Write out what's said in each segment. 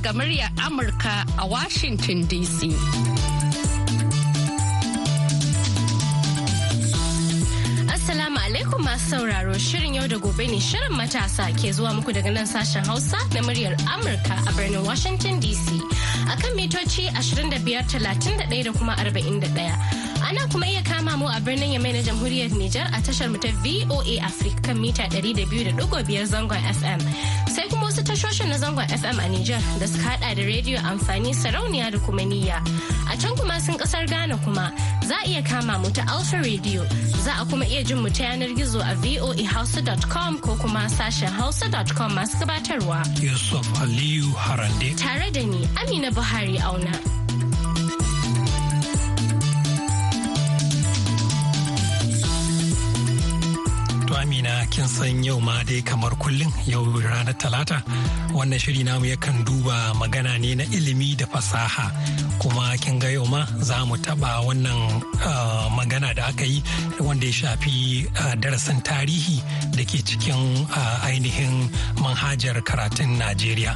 daga muryar Amurka a Washington DC. Assalamu alaikum masu sauraro shirin yau da gobe ne shirin matasa ke zuwa muku daga nan sashen Hausa na muryar Amurka a birnin Washington DC akan mitoci 2531 da kuma 41. Ana kuma iya kama mu a birnin Yamai na Jamhuriyar Nijar a tashar mu ta VOA Africa kan mita 200.5 zangon FM. Sai kuma tashoshin na zangon FM a Nijar da suka hada da rediyo amfani sarauniya da kuma niyya. A can kuma sun kasar Ghana kuma za a iya kama mu ta Alpha Radio za a kuma iya jin mu ta yanar gizo a voahausa.com ko kuma sashen hausa.com masu gabatarwa. Yusuf Aliyu Harande. Tare da ni Amina Buhari Auna. kin san yau ma dai kamar kullum yau ranar talata wannan shiri namu yakan duba magana ne na ilimi da fasaha kuma kin ga yau ma za mu taɓa wannan ah, magana da aka yi wanda ya shafi ah, darasin tarihi da ke cikin ah, ainihin manhajar karatun najeriya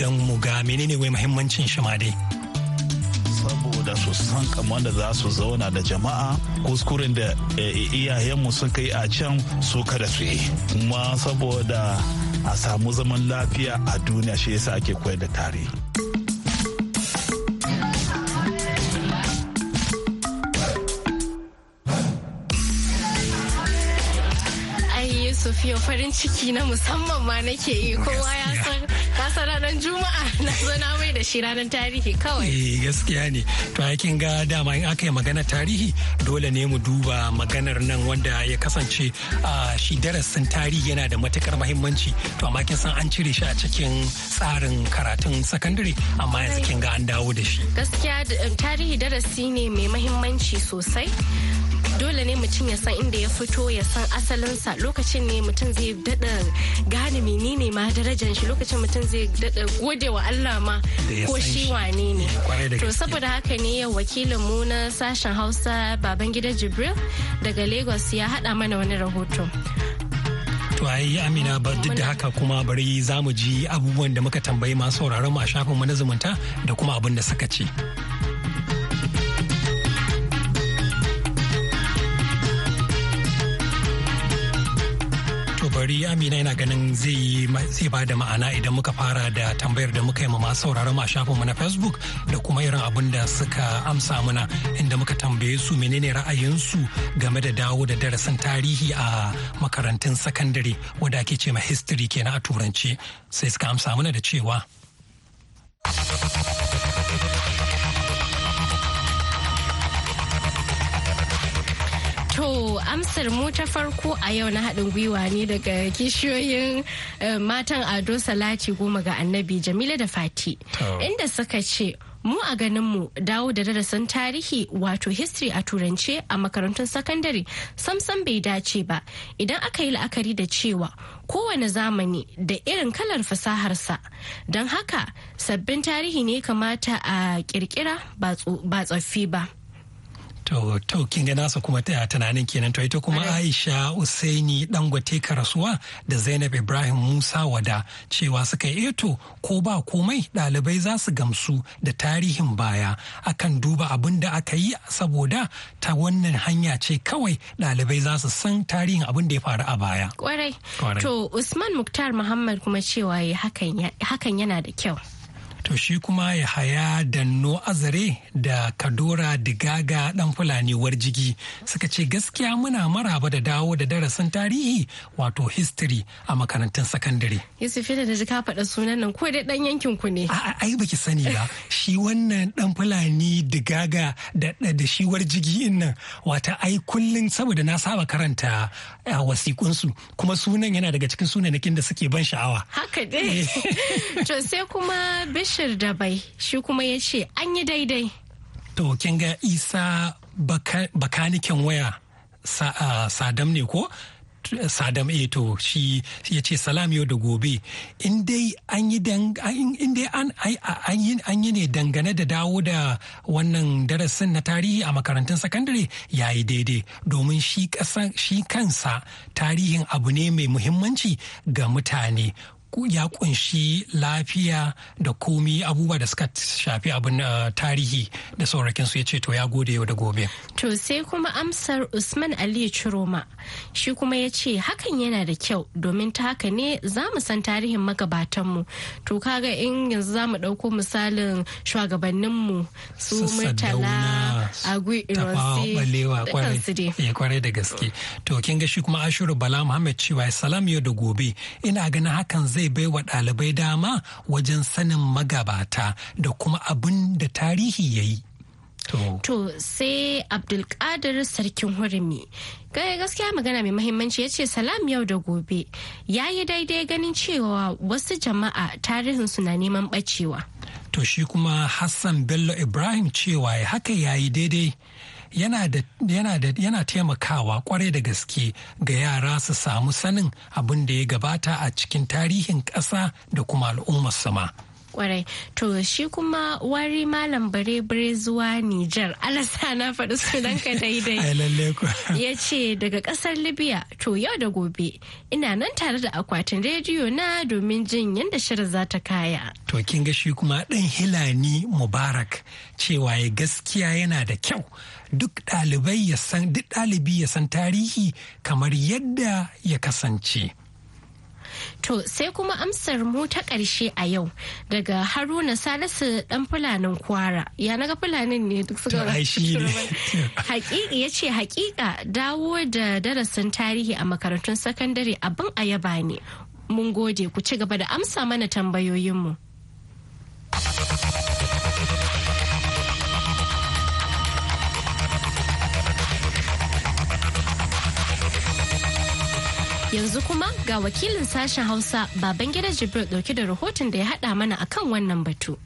don mu ga menene wai muhimmancin shi ma dai. saboda su san kamar da za su zauna da jama'a kuskuren da eh, iyayenmu sun kai a can su kada su yi kuma saboda a samu zaman lafiya a duniya shi yasa ake koyar da tarihi dai Sofiya farin ciki na musamman ma nake yi kowa ya san kasa ranar Juma'a na zo na mai da shi ranar tarihi kawai. Eh gaskiya ne. To aikin ga dama in aka yi magana tarihi dole ne mu duba maganar nan wanda ya kasance a shi darasin tarihi yana da matukar mahimmanci. To amma kin san an cire shi a cikin tsarin karatun sakandare amma yanzu kin ga an dawo da shi. Gaskiya tarihi darasi ne mai mahimmanci sosai. dole ne mutum ya san inda ya fito ya san asalinsa lokacin ne mutum zai daɗa gane menene ma darajar shi lokacin mutum zai dada gode wa Allah ma ko shi wane ne to saboda haka ne yau wakilin mu na sashen Hausa baban Babangida Jibril daga Lagos ya hada mana wani rahoto To ai Amina ba duk da haka kuma bari za mu ji abubuwan da muka tambayi masu sauraron mu a shafin mu na zumunta da kuma abin da suka ce. kokari amina yana ganin zai ba da ma'ana idan muka fara da tambayar da muka yi ma sauraron mu a shafin mu na facebook da kuma irin abin da suka amsa muna inda muka tambaye su menene ra'ayinsu game da dawo da darasin tarihi a makarantun sakandare wanda ake ce ma history kenan a turanci sai suka amsa muna da cewa To amsar mu ta farko a yau na haɗin gwiwa ne daga kishiyoyin eh, matan Ado Salati goma ga annabi Jamila da Fati. Inda suka ce mu a ganinmu dawo da darasin tarihi wato history a turance a makarantun sakandare samsam bai dace ba idan aka yi la'akari da cewa kowane zamani da irin kalar fasaharsa don haka sabbin tarihi ne kamata a kirkira ba tsoffi ba. To, to kin ga nasa kuma ta tunanin kenan to ita kuma Aisha Usaini Dangote Karasuwa da Zainab Ibrahim Musa Wada cewa suka yi eto eh ko ba komai dalibai za su gamsu da tarihin baya akan duba abin da aka yi saboda ta wannan hanya ce kawai dalibai za su san tarihin abin da ya faru a baya. Kwarai. To Usman Muktar Muhammad kuma cewa hakan yana da kyau. to shi kuma ya haya no azare da kadora digaga dan fulani warjigi suka ce gaskiya muna maraba da dawo da darasin tarihi wato history a makarantun sakandare yusuf da jika faɗa sunan nan ko dai dan yankin ku ne ai baki sani ba shi wannan dan fulani digaga da da shi warjigi in nan wata ai kullun saboda na saba karanta wasikun su kuma sunan yana daga cikin sunanakin da suke ban sha'awa haka dai eh. to sai kuma bashir bai shi kuma ya ce an yi daidai to kin ga isa bakanikin waya sadam ne ko sadam eh to shi ya ce salam yau da gobe in an yi ne dangane da dawo da wannan darasin na tarihi a makarantun sakandare ya yi daidai domin shi kansa tarihin abu ne mai muhimmanci ga mutane ya kunshi lafiya da komi abubuwa da suka shafi abin eh, tarihi da saurakin su ya ce to ya gode yau da gobe. To sai kuma amsar Usman Ali Chiroma shi kuma ya ce hakan yana da kyau domin ta haka ne za mu san tarihin magabatanmu. To kaga in yanzu za mu ɗauko misalin shugabanninmu su murtala agui ironsi eh, kwarai da gaske. To kin ga shi kuma Ashiru Bala Muhammad cewa salam yau da gobe ina ganin hakan zai zai baiwa ɗalibai dama wajen sanin magabata da kuma abin da tarihi ya yi. To sai Abdulkadir Sarkin Hurumi. gaskiya magana mai mahimmanci ya ce salam yau da gobe ya yi daidai ganin cewa wasu jama'a tarihinsu na neman bacewa. To shi kuma Hassan Bello Ibrahim cewa haka ya yi daidai. yana taimakawa kwarai da gaske ga yara su samu sanin abin da ya gabata a cikin tarihin ƙasa da kuma al'ummar sama. kwarai to shi kuma wari malam bare bare zuwa Nijar alasa na faɗi sunanka daidai ya ce daga ƙasar Libya to yau da gobe ina nan tare da akwatin rediyo na domin jin yadda shirin za ta kaya to kin ga shi kuma ɗan Hilani Mubarak cewa ya gaskiya yana da kyau duk ɗalibai ya san duk ɗalibi ya san tarihi kamar yadda ya kasance. To sai kuma amsar mu ta ƙarshe a yau daga Haruna Salisu ɗan fulanin kwara ya naga fulanin ne duk suka Hakiki ya ce hakika dawo da darasin tarihi a makarantun sakandare abin a yaba ne. Mun gode ku ci gaba da amsa mana tambayoyinmu. Yanzu kuma ga wakilin sashen Hausa baban Babangida Jibril dauke da rahoton da ya haɗa mana akan wannan batu.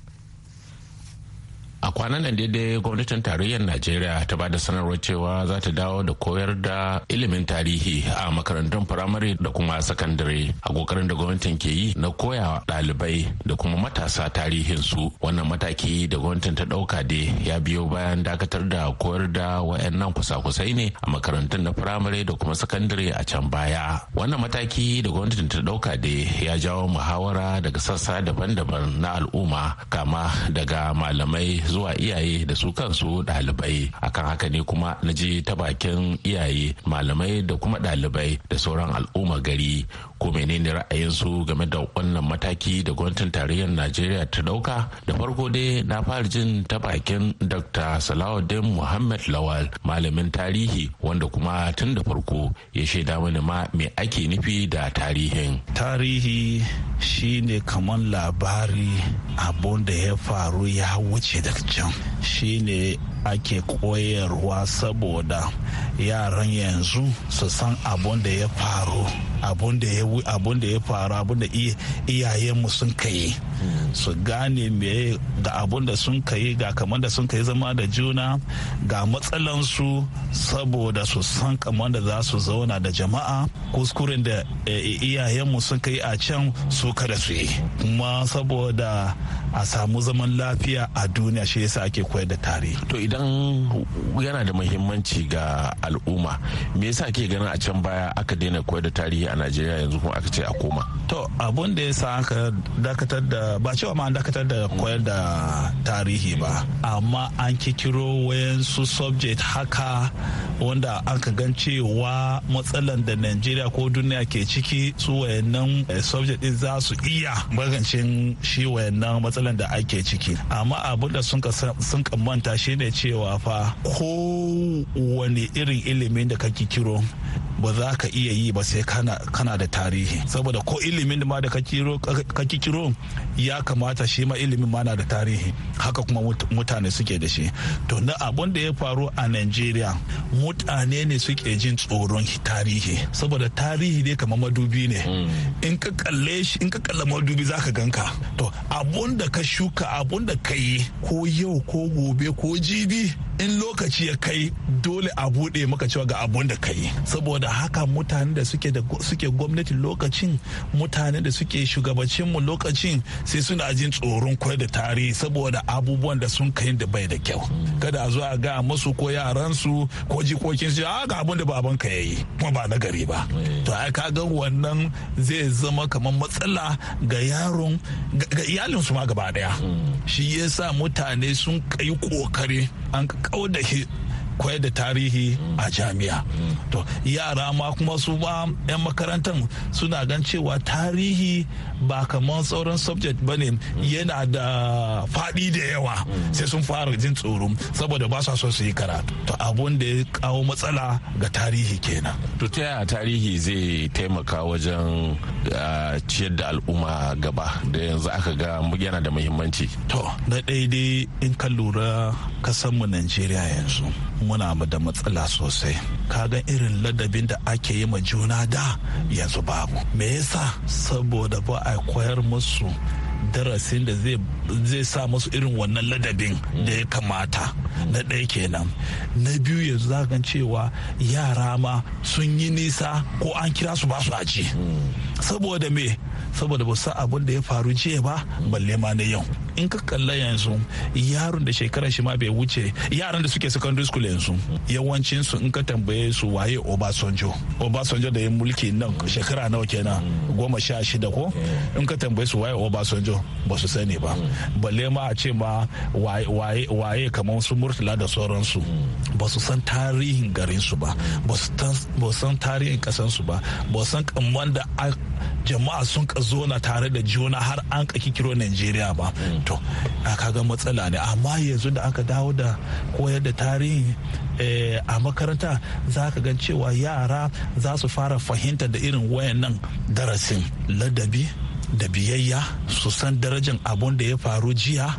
a kwanan nan daidai gwamnatin tarayyar najeriya ta bada sanarwar cewa za ta dawo da koyar da ilimin tarihi a makarantun firamare da kuma sakandare a kokarin da gwamnatin ke yi na koya ɗalibai da kuma matasa tarihin su wannan mataki da gwamnatin ta ɗauka dai ya biyo bayan dakatar da koyar da wayannan kusa-kusai ne a makarantun na firamare da kuma sakandare a can baya wannan mataki da gwamnatin ta ɗauka dai ya jawo muhawara daga sassa daban-daban na al'umma kama daga malamai zuwa iyaye da su kansu ɗalibai akan haka ne kuma na je ta bakin iyaye malamai da kuma ɗalibai da sauran al'umma gari ko menene ra'ayinsu game da wannan mataki da gwamnatin tarayyar najeriya ta ɗauka da farko dai na fara jin ta bakin dr salawuddin muhammad lawal malamin tarihi wanda kuma tun da farko ya shaida mani ma me ake nufi da tarihin tarihi shine kamar labari abun da ya faru ya wuce daga lokacin shine ake koyarwa saboda yaran yanzu su san abun da ya faru abun da ya ya faru abun da iyayenmu sun kai su gane me ga abun da sun kai ga kamar da sun kai zama da juna ga matsalansu saboda su san kamar da za su zauna da jama'a kuskuren da eh, iyayenmu sun kai a can su kada su yi kuma saboda a samu zaman lafiya a duniya shi yasa ake koyar da tare to idan yana da muhimmanci ga al'umma me yasa ke ganin a can baya aka daina koyar da tarihi a najeriya yanzu kuma aka ce a koma to abun da yasa aka dakatar da ba cewa ma an dakatar da koyar da tarihi ba amma an kikiro wayansu subject haka wanda aka gan cewa matsalan da najeriya ko duniya ke ciki su wayannan eh, subject din za su iya magancin shi wayannan matsalan da ake ciki amma abun da sun kamanta shine cewa fa ko wani irin irin ilimin da kake kiro ba za ka iya yi ba sai kana da tarihi saboda ko ilimin ma da kake kiro ya kamata shi ma ilimin ma na da tarihi haka kuma mutane suke da shi to na abun da ya faru a nigeria mutane ne suke jin tsoron tarihi saboda tarihi ne kamar madubi ne mm. in ka kalle shi in ka kalla madubi za ka ganka to abun da ka shuka abun da ka yi ko yau ko gobe ko jibi in lokaci ya kai dole a bude. ce maka cewa ga abun da kai saboda haka mutane da suke da suke gwamnati lokacin mutane da suke shugabacin mu lokacin sai suna jin tsoron kwai da tarihi saboda abubuwan da sun kai da bai da kyau kada a zo a ga musu ko yaran su ko jikokin su a ah, ga abun da baban ka yayi kuma ba na gari ba to ai ka ga wannan zai zama kamar matsala ga yaron ga iyalin su ma gaba daya shi yasa mutane sun kai kokari an shi. koyar da tarihi a jami'a to yara ma kuma su ba 'yan makarantar suna gan cewa tarihi ba kamar sauran subject ba ne yana da faɗi da yawa sai sun fara jin tsoro saboda ba su so su yi karatu to abun da ya kawo matsala ga tarihi kenan to ta yaya tarihi zai taimaka wajen ah, ciyar da al'umma gaba da yanzu aka ga yana da muhimmanci to na daidai in ka lura mu najeriya yanzu muna da matsala sosai kaga irin ladabin da ake yi ma juna da yanzu babu me yasa saboda ba a koyar musu darasin da zai sa musu irin wannan ladabin da ya kamata na ɗaya kenan na biyu yanzu za ka cewa yara ma sun yi nisa ko an kira su ba su aji hmm. saboda me saboda ba san abin da ya faru jiya ba balle ma na yau in ka kalla yanzu yaron da shekarar shi ma bai wuce yaran da suke secondary school yanzu yawancin su in ka tambaye su waye obasanjo obasanjo da ya mulki nan shekara nawa kenan goma sha shida ko in ka tambaye su waye obasanjo ba su sani ba balle ma a ce ma waye kamar su murtala da sauransu ba su san tarihin garin su ba ba su san tarihin kasan su ba ba su san kamar da jama'a sun zona tare da juna har an kaki kiro Najeriya ba mm. to kaga matsala ne amma yanzu da aka dawo da koyar da tarihi eh, a makaranta za ka gan cewa yara za su fara fahimta da irin wayannan darasin ladabi da biyayya su san darajan abun da ya faru jiya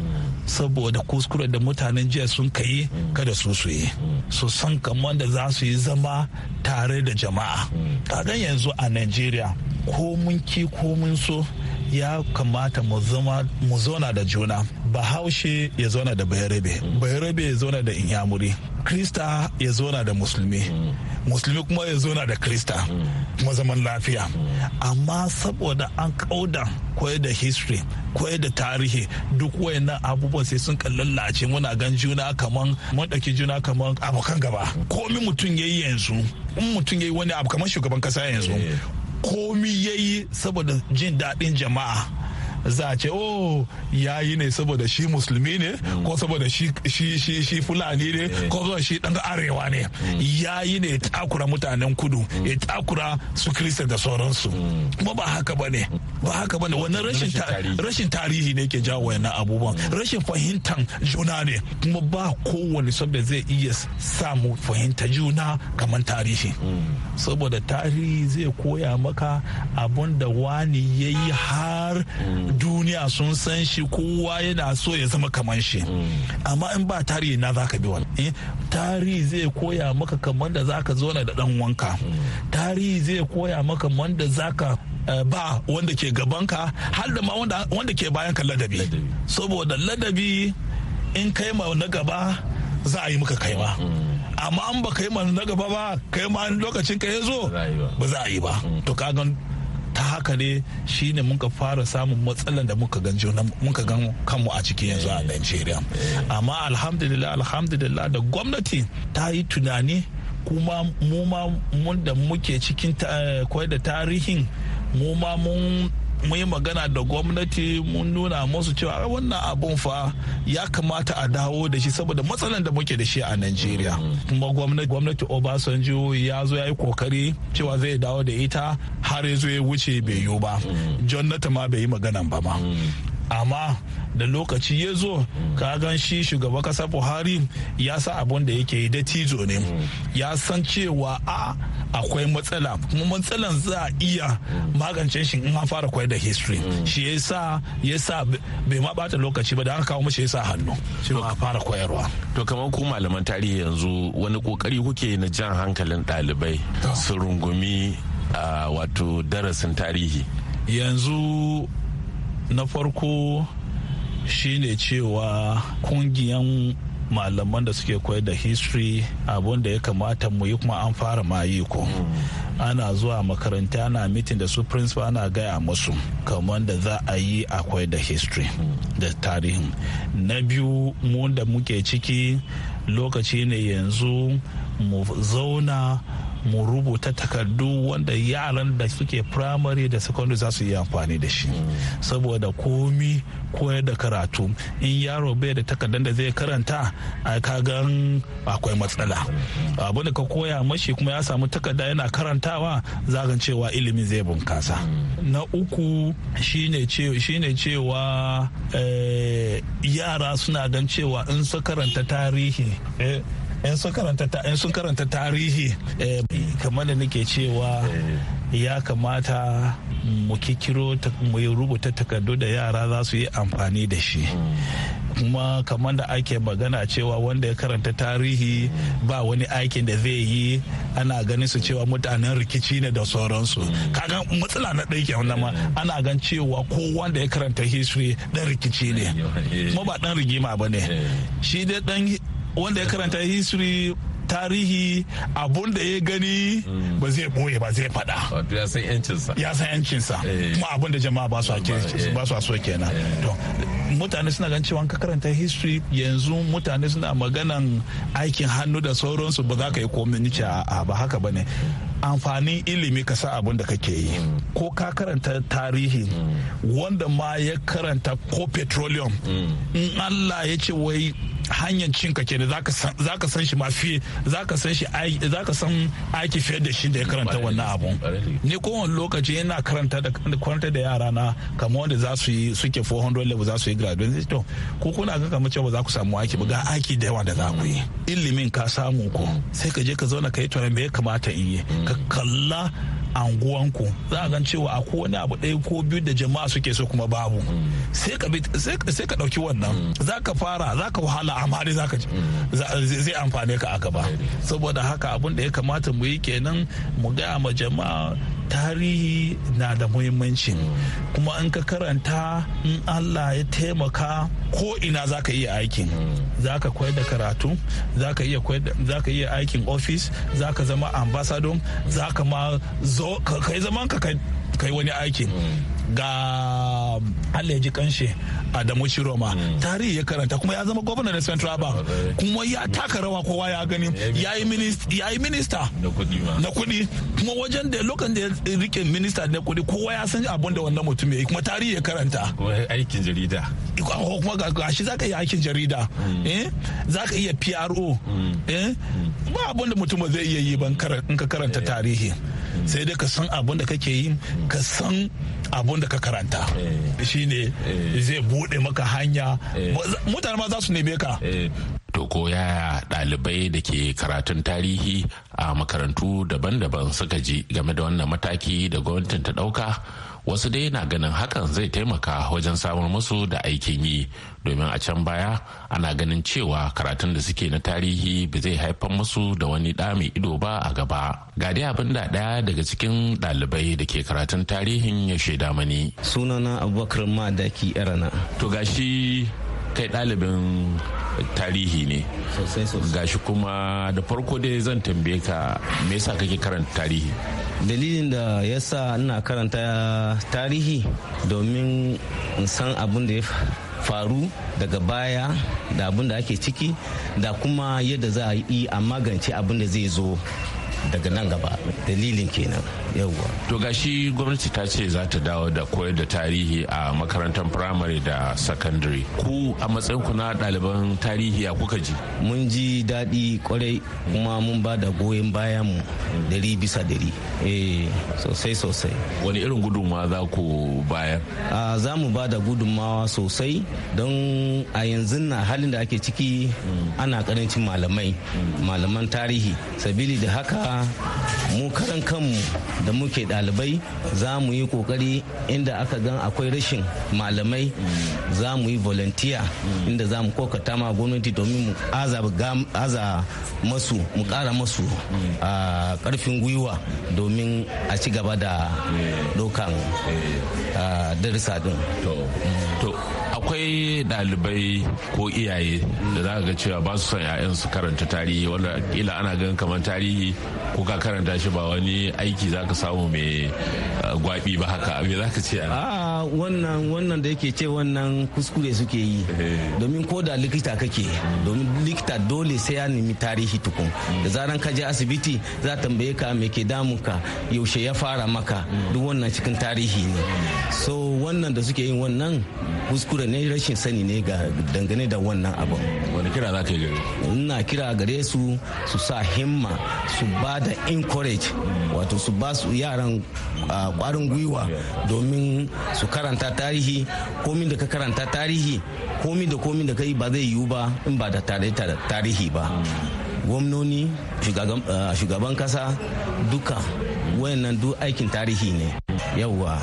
saboda kuskure da mutanen jiya sun kayi kada su su yi su san kamar da za su yi zama tare da jama'a kagan yanzu a Nigeria ko mun ki ko mun so ya kamata mu zona da juna bahaushe ya zona da bayarabe bayarabe ya zona da inyamuri krista ya zona da musulmi musulmi kuma ya zona da krista kuma zaman lafiya amma saboda an kauda koyar da history koyar da tarihi duk wayannan abubuwa sai sun lallace muna gan juna kaman mun juna kaman abokan gaba komi mutum ya yi yanzu in mutum ya yi wani abu kamar shugaban kasa yanzu eh. komi yayi saboda jin daɗin jama'a za a ce o oh, ya yi ne saboda shi musulmi ne ko saboda shi fulani ne eh. ko saboda shi dan arewa ne ya yi ne ya takura mutanen kudu ya takura su kirista da sauransu mm. kuma ba haka ba ne ba haka ba ne wannan rashin tarihi ne ke jawo yana abubuwan mm. rashin fahimtar juna ne kuma ba kowane saboda zai iya samu fahimta juna kamar tarihi mm. saboda tarihi zai koya maka abun da wani ya yi har duniya sun san shi kowa yana so ya zama kaman shi amma in ba tarihi na zaka bi wani eh, tarihi zai koya maka kaman da zaka zauna da dan wanka tarihi zai koya maka kaman da zaka eh, ba wanda ke gabanka har da ma wanda, ke ke ka ladabi saboda ladabi in kai ma na gaba za a yi maka ma mm. amma an ba kai ma na gaba ba kai ma lokacin ka ya zo ba za a yi ba mm. to kagan ta haka ne shi shine muka fara samun matsalan da muka gan kanmu a cikin yanzu a Nigeria amma alhamdulillah alhamdulillah da gwamnati ta yi tunani kuma mu ma mun da muke cikin eh, kwai da tarihin mu ma mun mun yi magana da gwamnati mun nuna musu cewa wannan abun fa ya kamata a dawo da shi saboda matsalan da muke da shi a Najeriya. Mm. Kuma gwamnati Obasanjo ya zo ya yi kokari cewa zai dawo da ita har ya ya wuce bai yiwu ba. Mm. Jonathan ma bai yi maganan ba ma. Mm. amma da lokaci ya zo ka gan shi shugaban kasar buhari ya sa abun da yake yi da tijo ne ya san cewa a akwai matsala kuma matsalan za a iya magance shi in an fara koyar da history shi ya sa ya sa bai ma bata lokaci ba da aka kawo mashi ya sa hannu shi ma fara koyarwa to kamar ku malaman tarihi yanzu wani kokari kuke na jan hankalin ɗalibai su rungumi wato darasin tarihi yanzu na farko shine cewa kungiyan malaman da suke koyar da history abun da ya kamata mu yi kuma an fara ma yi ko ana zuwa makaranta ana mitin da su principal ana gaya musu kamar da za a yi akwai da history da tarihin na biyu mu da muke ciki lokaci ne yanzu mu zauna mu rubuta takardu wanda yaran da suke primary da secondary za su yi amfani da shi saboda komi koyar da karatu in yaro bai da takardar da zai karanta a kagan akwai matsala abinda ka koya mashi kuma ya samu takarda yana karanta karantawa zagan cewa ilimi zai bunkasa na uku shine cewa eh, yara suna gan cewa in su karanta tarihi eh, in sun karanta tarihi eh, kamar da nake cewa ya kamata mu kikiro mu rubuta takardu da yara za su yi amfani da shi kuma kamar da ake magana cewa wanda ya karanta tarihi ba wani aikin da zai yi ana ganin su cewa mutanen rikici ne da sauransu kaga matsala na ɗaya wanda ma ana gan cewa ko wanda ya karanta history dan rikici ne kuma ba dan rigima ba ne shi dai dan wanda ya karanta history tarihi abun da ya gani mm. ba zai boye ba zai fada ya san yancinsa eh. kuma abun da jama'a ba su eh. ba su so kenan eh. to mutane suna gan cewa ka karanta history yanzu mutane suna maganan aikin hannu da sauransu ba za ka yi komai nice a ba haka bane amfanin ilimi ka sa abun da kake yi mm. ko ka karanta tarihi mm. wanda ma ya karanta ko petroleum in Allah ya ce wai hanyar cin ka ke ne za ka san shi ma fiye za ka san shi za ka san aiki fiye da shi da ya karanta wannan abun ni kowane lokaci yana karanta da kwanta da yara na kamar wanda za su yi suke 400 level za su yi graduate to ko kuna ga kamar cewa za ku samu aiki ba ga aiki da yawa da za ku yi ilimin ka samu ko sai ka je ka zauna ka yi tunanin me ya kamata in yi ka kalla anguwanku za a gan cewa akwai wani abu ɗaya ko biyu da jama'a suke so kuma babu sai ka ɗauki wannan za ka fara za ka wahala amma dai zai amfane ka a gaba saboda haka abin da ya kamata mu yi kenan mu gaya ma jama'a tarihi na da muhimmanci kuma an ka karanta in allah ya taimaka ko ina za ka iya aikin za ka koyar da karatu za ka iya aikin ofis za ka zama ambasadon za ka ma zo ka yi zaman ka kai wani aikin ga Allah ya ji kanshi Adamu Shiroma hmm. tarihi ya karanta kuma ya zama gwamna da Central Bank kuma ya taka rawa kowa ya gani ya yi minista na kuɗi kuma wajen da lokacin da ya rike minista na kuɗi kowa ya san abin da wannan mutum ya yi kuma tarihi ya karanta aikin jarida kuma ga shi zaka yi aikin jarida zaka iya hmm. eh? PRO hmm. eh? ba abin da mutum zai iya yi ban ka karanta eh. tarihi sai dai ka san abin da kake yi ka san abun da ka karanta eh. shi ne eh. zai bude maka hanya eh. mutane ma za su neme ka to ko yaya ɗalibai da ke karatun tarihi a makarantu daban-daban suka ji game da wannan mataki da gwamnatin ta ɗauka wasu dai na ganin hakan zai taimaka wajen samun musu da aikin yi domin a can baya ana ganin cewa karatun da suke na tarihi ba zai haifar musu da wani ɗa mai ido ba a gaba ga dai abin da ɗaya daga cikin ɗalibai da ke karatun tarihin ya shaida mani sunana abubakar madaki yarana to gashi kai ɗalibin tarihi ne gashi kuma da farko dai zan tambaye ka me yasa kake karanta tarihi dalilin da yasa ina karanta tarihi domin in san abin da ya faru daga baya da abin da ake ciki da kuma yadda za a yi a magance abin da zai zo daga nan gaba dalilin kenan yawa to gashi gwamnati ta ce za ta dawo da koyar da tarihi a makarantar primary da secondary ku a matsayin ku na ɗaliban tarihi a kuka ji mun ji daɗi kwarai kuma mun ba da goyon bayan mu dari bisa dari eh sosai sosai wani irin gudunmawa za ku bayar a za mu ba da gudunmawa sosai don a yanzu na halin da ake ciki ana karancin malamai malaman tarihi sabili da haka mu karan kanmu da muke ɗalibai za mu yi kokari inda aka gan akwai rashin malamai za mu yi volunteer inda za mu kokata ma gwamnati domin mu aza masu mu kara masu a karfin gwiwa domin a ci gaba da dokan eh. eh. darisa din. akwai ɗalibai ko iyaye da za ga cewa ba su son 'ya'yan su karanta tarihi wanda kila ana gan kamar tarihi ko ka karanta shi ba wani aiki za ka samu mai eh, gwabi ba haka me za ka ce a wannan wannan da yake ce wannan kuskure suke yi eh. domin ko da likita kake domin likita dole sai ya nemi tarihi tukun da zaran ka je asibiti za tambaye ka me ke damunka yaushe ya fara maka duk wannan cikin tarihi ne so wannan da suke yin wannan kuskure ne rashin sani ne ga dangane da wannan abin wani kira za ka yi gare ina kira gare su su sa himma su ba da encourage wato su ba su yaran kwarin ah, gwiwa domin su karanta tarihi komin da ka karanta tarihi komin da komin da ka yi ba zai yiwu ba in ba da tarihi ba gwamnoni eh, shugaban kasa duka wayannan duk aikin tarihi ne yauwa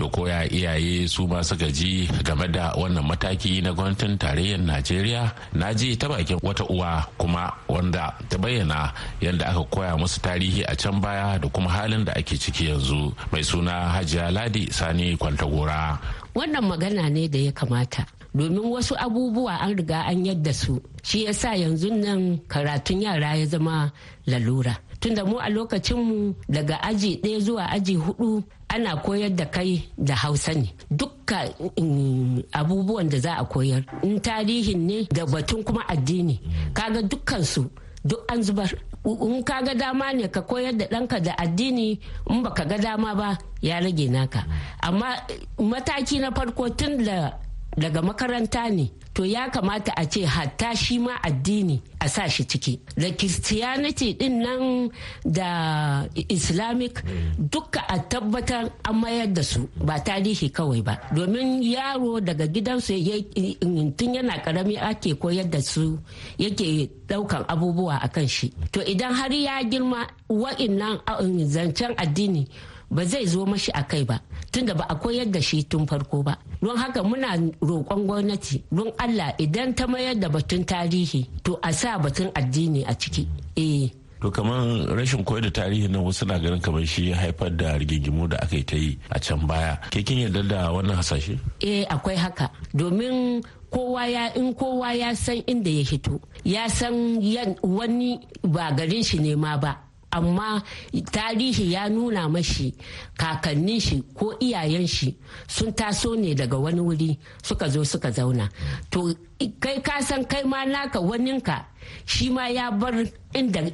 to koya iyaye su ma suka ji game da wannan mataki na gwamnatin tarayyar najeriya na ji ta bakin wata uwa kuma wanda ta bayyana yadda aka koya musu tarihi a can baya da kuma halin da ake ciki yanzu mai suna hajiya ladi sani kwantagora wannan magana ne da ya kamata domin wasu abubuwa an riga an yadda su shi yasa yanzu nan karatun yara ya zama lalura tunda mu a lokacinmu daga aji ɗaya zuwa aji hudu ana koyar da kai da hausa ne dukka mm, abubuwan da za a koyar in tarihin ne da batun kuma addini kaga dukkansu duk an zubar in ka dama ne ka koyar da ɗanka da addini in baka ga dama ba ya rage naka amma mataki na farko tun da daga makaranta ne to ya kamata a ce hatta shi ma addini a sa shi ciki da christianity din nan da islamic duka a tabbatar an mayar da su ba tarihi kawai ba domin yaro daga gidansu tun yana karami ake koyar da su yake daukan abubuwa a kan shi to idan har ya girma nan uh, zancen addini ba zai zo mashi a kai ba tunda ba a koyar da shi tun farko ba don haka muna roƙon gwamnati don allah idan ta mayar da batun tarihi to a sa batun addini a ciki eh to kamar rashin koyar da tarihi nan wasu na ganin kamar shi haifar da rigingimu da aka yi ta yi a can baya ke kin yarda da wannan hasashe eh akwai haka domin kowa ya in kowa ya san inda ya hito ya san wani ba garin shi ne ma ba amma tarihi ya nuna mashi kakannin shi ko iyayen shi sun taso ne daga wani wuri suka zo suka zauna to kai ka san kai ma naka waninka shi ma ya bar inda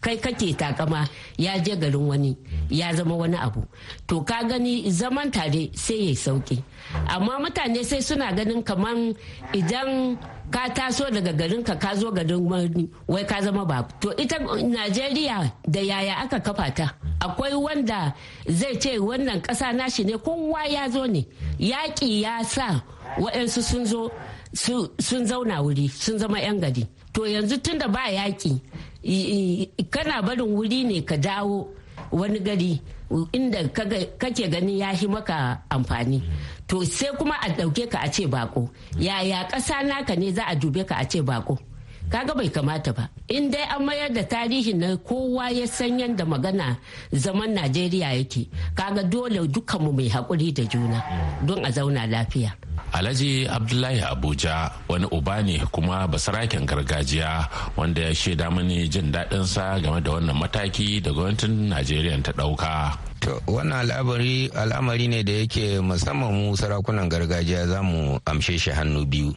kai kake takama ya je garin wani ya zama wani abu to ka gani zaman tare sai ya sauki amma mutane sai suna ganin kamar idan ka taso daga garin ka ka zo garin wani wai ka zama ba to ita najeriya da yaya aka kafa ta akwai wanda zai ce wannan ƙasa nashi ne kowa ya zo ne yaƙi ya sa waɗansu sun zo sun zauna wuri sun zama 'yan gari to yanzu tun da ba yaƙi kana barin wuri ne ka dawo wani gari inda kake gani ya yi maka amfani to sai kuma a ɗauke ka a ce bako yaya ƙasa naka ne za a dube ka a ce bako kaga bai kamata ba in dai an mayar da tarihi na kowa ya san yadda magana zaman najeriya yake kaga dole dukkanmu mai haƙuri da juna don a zauna lafiya Alhaji Abdullahi Abuja wani uba ne kuma basaraken gargajiya wanda ya shaida mani jin daɗinsa game da wannan mataki da gwamnatin Najeriya ta ɗauka. to wannan al'amari ne da yake musamman mu sarakunan gargajiya za mu amshe shi hannu biyu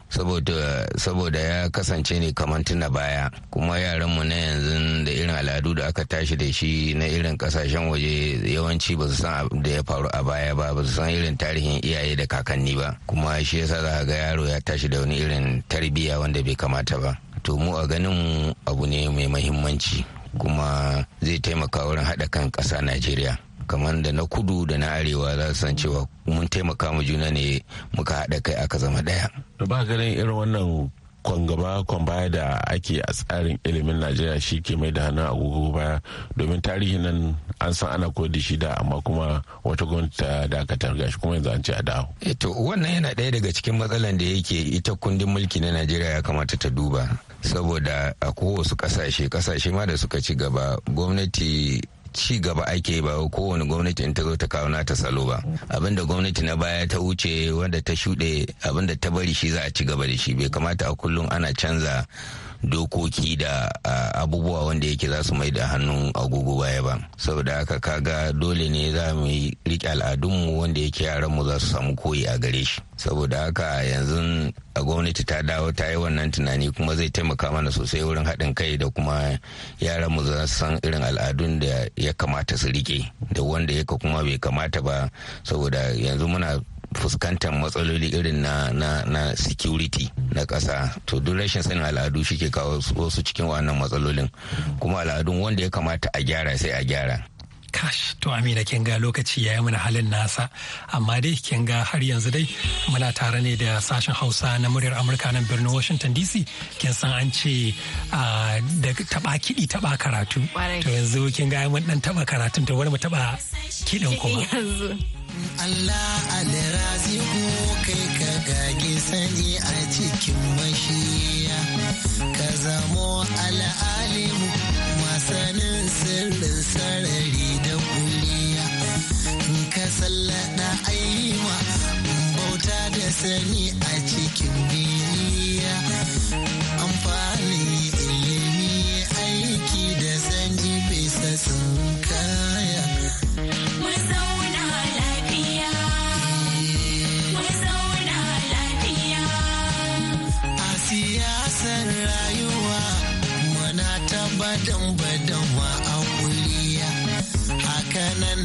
saboda ya kasance ne kamar tuna baya kuma yaran mu na yanzu da irin al'adu da aka tashi da shi na irin kasashen waje yawanci ba su san da ya faru a baya ba ba su san irin tarihin iyaye da kakanni ba kuma shi yasa za ga yaro ya tashi da wani irin tarbiyya wanda bai kamata ba to mu a ganin mu abu ne mai muhimmanci kuma zai taimaka wurin haɗa kan ƙasa najeriya kamar da na kudu da na arewa za su san cewa mun taimaka mu juna ne muka haɗa kai aka zama ɗaya. ba ganin irin wannan kwan gaba kwan baya da ake a tsarin ilimin najeriya shi ke mai da hannun agogo baya domin tarihi nan an san ana koyar da shi da amma kuma wata gwamnati ta dakatar gashi kuma yanzu an ce a dawo. Eh to wannan yana ɗaya daga cikin matsalan da yake ita kundin mulki na najeriya ya kamata ta duba saboda a kowasu kasashe kasashe ma da suka ci gaba gwamnati ci gaba ake ba kowane gwamnati in ta zo ta kawo nata salo ba abinda gwamnati na baya ta wuce wanda ta shuɗe abinda ta bari shi za a ci gaba da shi bai kamata a kullum ana canza dokoki da abubuwa wanda yake za su mai da hannun agogo baya ba saboda haka kaga dole ne za mu yi rike al'adunmu wanda yake yaranmu za su samu koyi a gare shi saboda haka yanzu a gwamnati ta dawo ta yi wannan tunani kuma zai taimaka mana sosai wurin haɗin kai da kuma yaran mu za su san irin al'adun da ya kamata su rike da wanda yake kuma bai kamata ba saboda yanzu muna fuskantar matsaloli irin na na na security na ƙasa to duk rashin sanin al'adu shi ke kawo wasu cikin wannan matsalolin kuma al'adun wanda ya kamata a gyara sai a gyara kash to amina kin ga lokaci ya yi mana halin nasa amma dai kin ga har yanzu dai muna tare ne da sashen hausa na muryar amurka nan birnin washington dc kin san an ce ah, da taba kiɗi taba karatu to yanzu kin ga mun dan taba karatun to wani mu taba kiɗin kuma Allah alraziku kai ka gage sani a cikin mashiya ka zamo al'alimu masanin sirrin sarari da kuliya in ka sallada ayyuma bauta da sani a cikin biniya badan badan wa a kuliya hakanan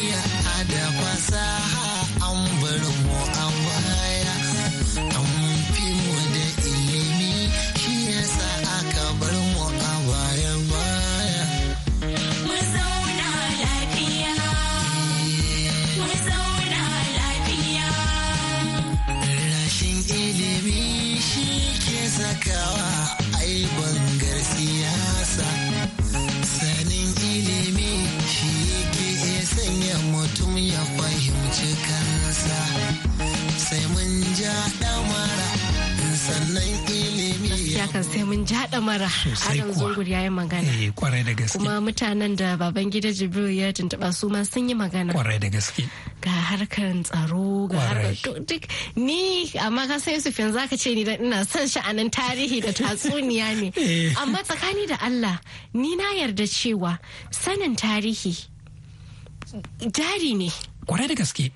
kimiyya da fasaha sai mun jaɗa mara adam zungur ya yi magana eh, kwarai da gaske kuma mutanen da baban gida jibril ya tuntuɓa su ma sun yi magana kwarai da gaske ga harkar tsaro ga harkar duk ni amma ka san yusuf yanzu zaka ce ni dan ina son sha'anin tarihi da tatsuniya ne eh. amma tsakani da allah ni na yarda cewa sanin tarihi jari ne kwarai da gaske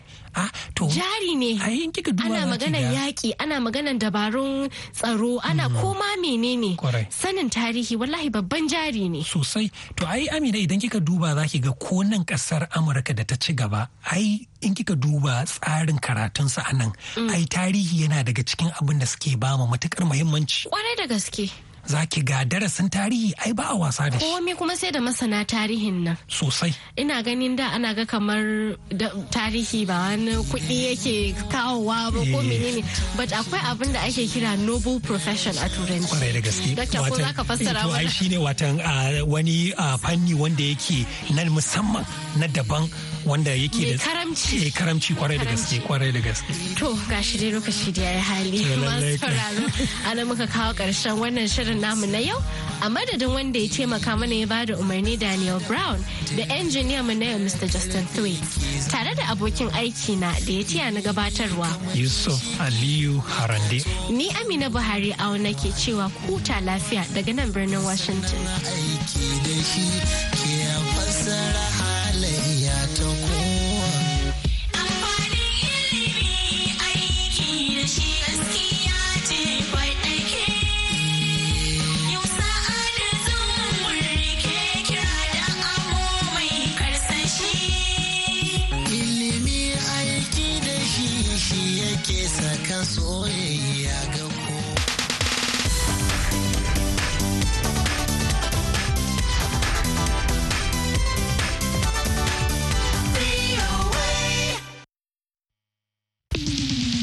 jari ne ana magana yaƙi ana magana dabarun tsaro ana mhm. koma menene sanin tarihi wallahi babban jari ne sosai to ai amina idan kika duba za ki ga ko nan ƙasar amurka da ta ci gaba ai in kika duba tsarin karatunsa a nan mm. ai tarihi yana daga cikin abin da suke ba matukar muhimmanci kwarai da gaske za ki ga darasin tarihi ai ba a wasa da shi. Komai kuma sai da masana tarihin nan. Sosai. Ina ganin da ana ga kamar tarihi ba wani kuɗi yake kawowa ba ko eh. menene but akwai abin da ake kira noble profession a turanci. Kwarai da gaske. Dakta ko za ka fassara wani. Eh, ai shine watan ah, wani ah, fanni wanda yake nan musamman na daban wanda yake da karamci karamci kwarai da gaske kwarai da gaske to gashi dai lokaci da hali masu ana muka kawo karshen wannan shirin namu na yau a madadin wanda ya taimaka mana ya bada umarni Daniel Brown da engineer mu na yau Mr. Justin Thwei tare da abokin aiki na da ya tiya na gabatarwa Yusuf Aliyu Harande ni Amina Buhari auna ke cewa kuta lafiya daga nan birnin Washington